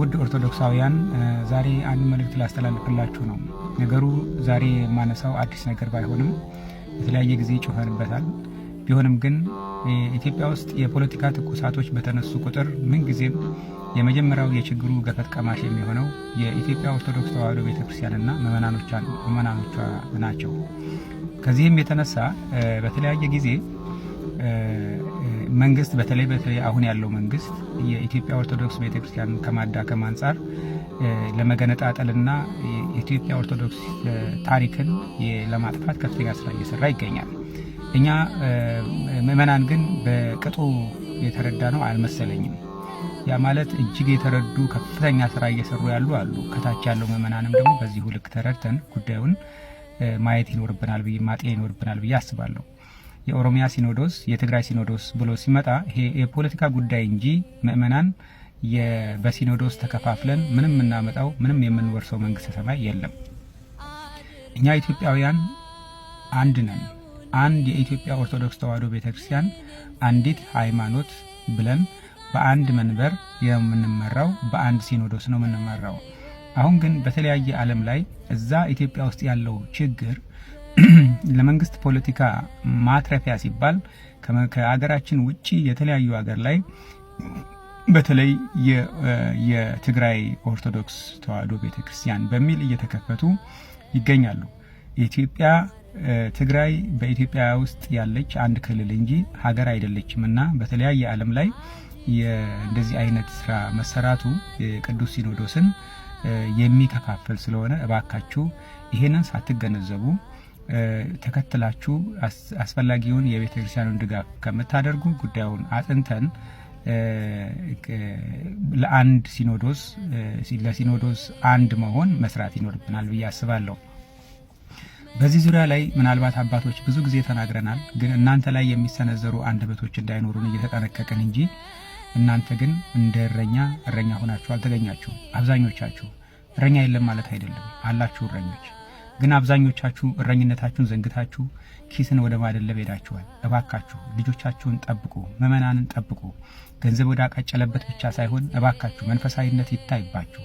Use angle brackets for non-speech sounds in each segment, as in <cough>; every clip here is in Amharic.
ውድ ኦርቶዶክሳውያን ዛሬ አንድ መልእክት ላስተላልፍላችሁ ነው። ነገሩ ዛሬ የማነሳው አዲስ ነገር ባይሆንም የተለያየ ጊዜ ጮኸንበታል። ቢሆንም ግን ኢትዮጵያ ውስጥ የፖለቲካ ትኩሳቶች በተነሱ ቁጥር ምንጊዜም የመጀመሪያው የችግሩ ገፈት ቀማሽ የሚሆነው የኢትዮጵያ ኦርቶዶክስ ተዋሕዶ ቤተክርስቲያንና ምዕመናኖቿ ናቸው። ከዚህም የተነሳ በተለያየ ጊዜ መንግስት በተለይ በተለይ አሁን ያለው መንግስት የኢትዮጵያ ኦርቶዶክስ ቤተክርስቲያን ከማዳከም አንጻር ለመገነጣጠልና የኢትዮጵያ ኦርቶዶክስ ታሪክን ለማጥፋት ከፍተኛ ስራ እየሰራ ይገኛል። እኛ ምእመናን ግን በቅጡ የተረዳ ነው አልመሰለኝም። ያ ማለት እጅግ የተረዱ ከፍተኛ ስራ እየሰሩ ያሉ አሉ። ከታች ያለው ምዕመናንም ደግሞ በዚሁ ልክ ተረድተን ጉዳዩን ማየት ይኖርብናል ብዬ ማጤን ይኖርብናል ብዬ አስባለሁ። የኦሮሚያ ሲኖዶስ፣ የትግራይ ሲኖዶስ ብሎ ሲመጣ ይሄ የፖለቲካ ጉዳይ እንጂ ምእመናን በሲኖዶስ ተከፋፍለን ምንም የምናመጣው ምንም የምንወርሰው መንግስተ ሰማይ የለም። እኛ ኢትዮጵያውያን አንድ ነን። አንድ የኢትዮጵያ ኦርቶዶክስ ተዋሕዶ ቤተክርስቲያን አንዲት ሃይማኖት ብለን በአንድ መንበር የምንመራው በአንድ ሲኖዶስ ነው የምንመራው። አሁን ግን በተለያየ ዓለም ላይ እዛ ኢትዮጵያ ውስጥ ያለው ችግር <clears throat> ለመንግስት ፖለቲካ ማትረፊያ ሲባል ከሀገራችን ውጭ የተለያዩ ሀገር ላይ በተለይ የትግራይ ኦርቶዶክስ ተዋሕዶ ቤተክርስቲያን በሚል እየተከፈቱ ይገኛሉ። ኢትዮጵያ ትግራይ በኢትዮጵያ ውስጥ ያለች አንድ ክልል እንጂ ሀገር አይደለችም እና በተለያየ ዓለም ላይ እንደዚህ አይነት ስራ መሰራቱ ቅዱስ ሲኖዶስን የሚከፋፍል ስለሆነ እባካችሁ ይሄንን ሳትገነዘቡ ተከትላችሁ አስፈላጊውን የቤተ ክርስቲያኑን ድጋፍ ከምታደርጉ ጉዳዩን አጥንተን ለአንድ ሲኖዶስ ለሲኖዶስ አንድ መሆን መስራት ይኖርብናል ብዬ አስባለሁ። በዚህ ዙሪያ ላይ ምናልባት አባቶች ብዙ ጊዜ ተናግረናል። ግን እናንተ ላይ የሚሰነዘሩ አንደበቶች እንዳይኖሩን እየተጠነቀቅን እንጂ እናንተ ግን እንደ እረኛ እረኛ ሆናችሁ አልተገኛችሁ። አብዛኞቻችሁ እረኛ የለም ማለት አይደለም፣ አላችሁ እረኞች ግን አብዛኞቻችሁ እረኝነታችሁን ዘንግታችሁ ኪስን ወደ ማደለብ ሄዳችኋል። እባካችሁ ልጆቻችሁን ጠብቁ፣ ምዕመናንን ጠብቁ። ገንዘብ ወዳቃጨለበት ብቻ ሳይሆን እባካችሁ መንፈሳዊነት ይታይባችሁ።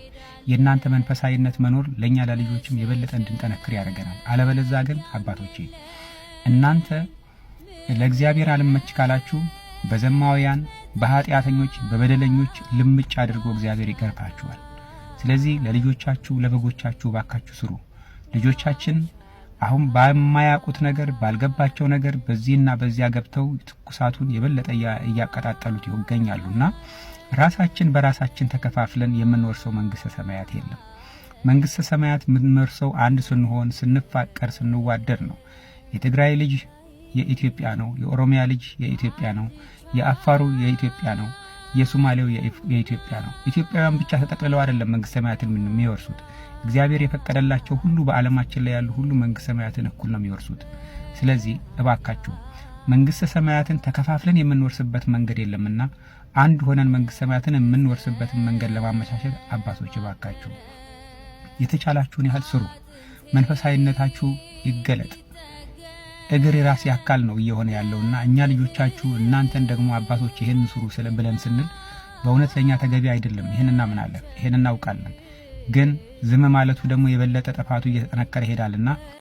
የእናንተ መንፈሳዊነት መኖር ለእኛ ለልጆችም የበለጠ እንድንጠነክር ያደርገናል። አለበለዛ ግን አባቶቼ እናንተ ለእግዚአብሔር አልመች ካላችሁ በዘማውያን በኃጢአተኞች በበደለኞች ልምጭ አድርጎ እግዚአብሔር ይገርፋችኋል። ስለዚህ ለልጆቻችሁ ለበጎቻችሁ እባካችሁ ስሩ። ልጆቻችን አሁን በማያውቁት ነገር ባልገባቸው ነገር በዚህና በዚያ ገብተው ትኩሳቱን የበለጠ እያቀጣጠሉት ይገኛሉ እና ራሳችን በራሳችን ተከፋፍለን የምንወርሰው መንግስተ ሰማያት የለም። መንግስተ ሰማያት የምንወርሰው አንድ ስንሆን፣ ስንፋቀር፣ ስንዋደር ነው። የትግራይ ልጅ የኢትዮጵያ ነው። የኦሮሚያ ልጅ የኢትዮጵያ ነው። የአፋሩ የኢትዮጵያ ነው። የሱማሌው የኢትዮጵያ ነው። ኢትዮጵያውያን ብቻ ተጠቅልለው አይደለም መንግስት ሰማያትን የሚወርሱት። እግዚአብሔር የፈቀደላቸው ሁሉ በዓለማችን ላይ ያሉ ሁሉ መንግስት ሰማያትን እኩል ነው የሚወርሱት። ስለዚህ እባካችሁ መንግስት ሰማያትን ተከፋፍለን የምንወርስበት መንገድ የለምና አንድ ሆነን መንግስት ሰማያትን የምንወርስበትን መንገድ ለማመቻቸት አባቶች እባካችሁ የተቻላችሁን ያህል ስሩ። መንፈሳዊነታችሁ ይገለጥ። እግር የራሴ አካል ነው እየሆነ ያለውና እኛ ልጆቻችሁ እናንተን ደግሞ አባቶች ይህን ስሩ ብለን ስንል በእውነት ለእኛ ተገቢ አይደለም። ይህን እናምናለን፣ ይህን እናውቃለን። ግን ዝም ማለቱ ደግሞ የበለጠ ጥፋቱ እየተጠነከረ ይሄዳልና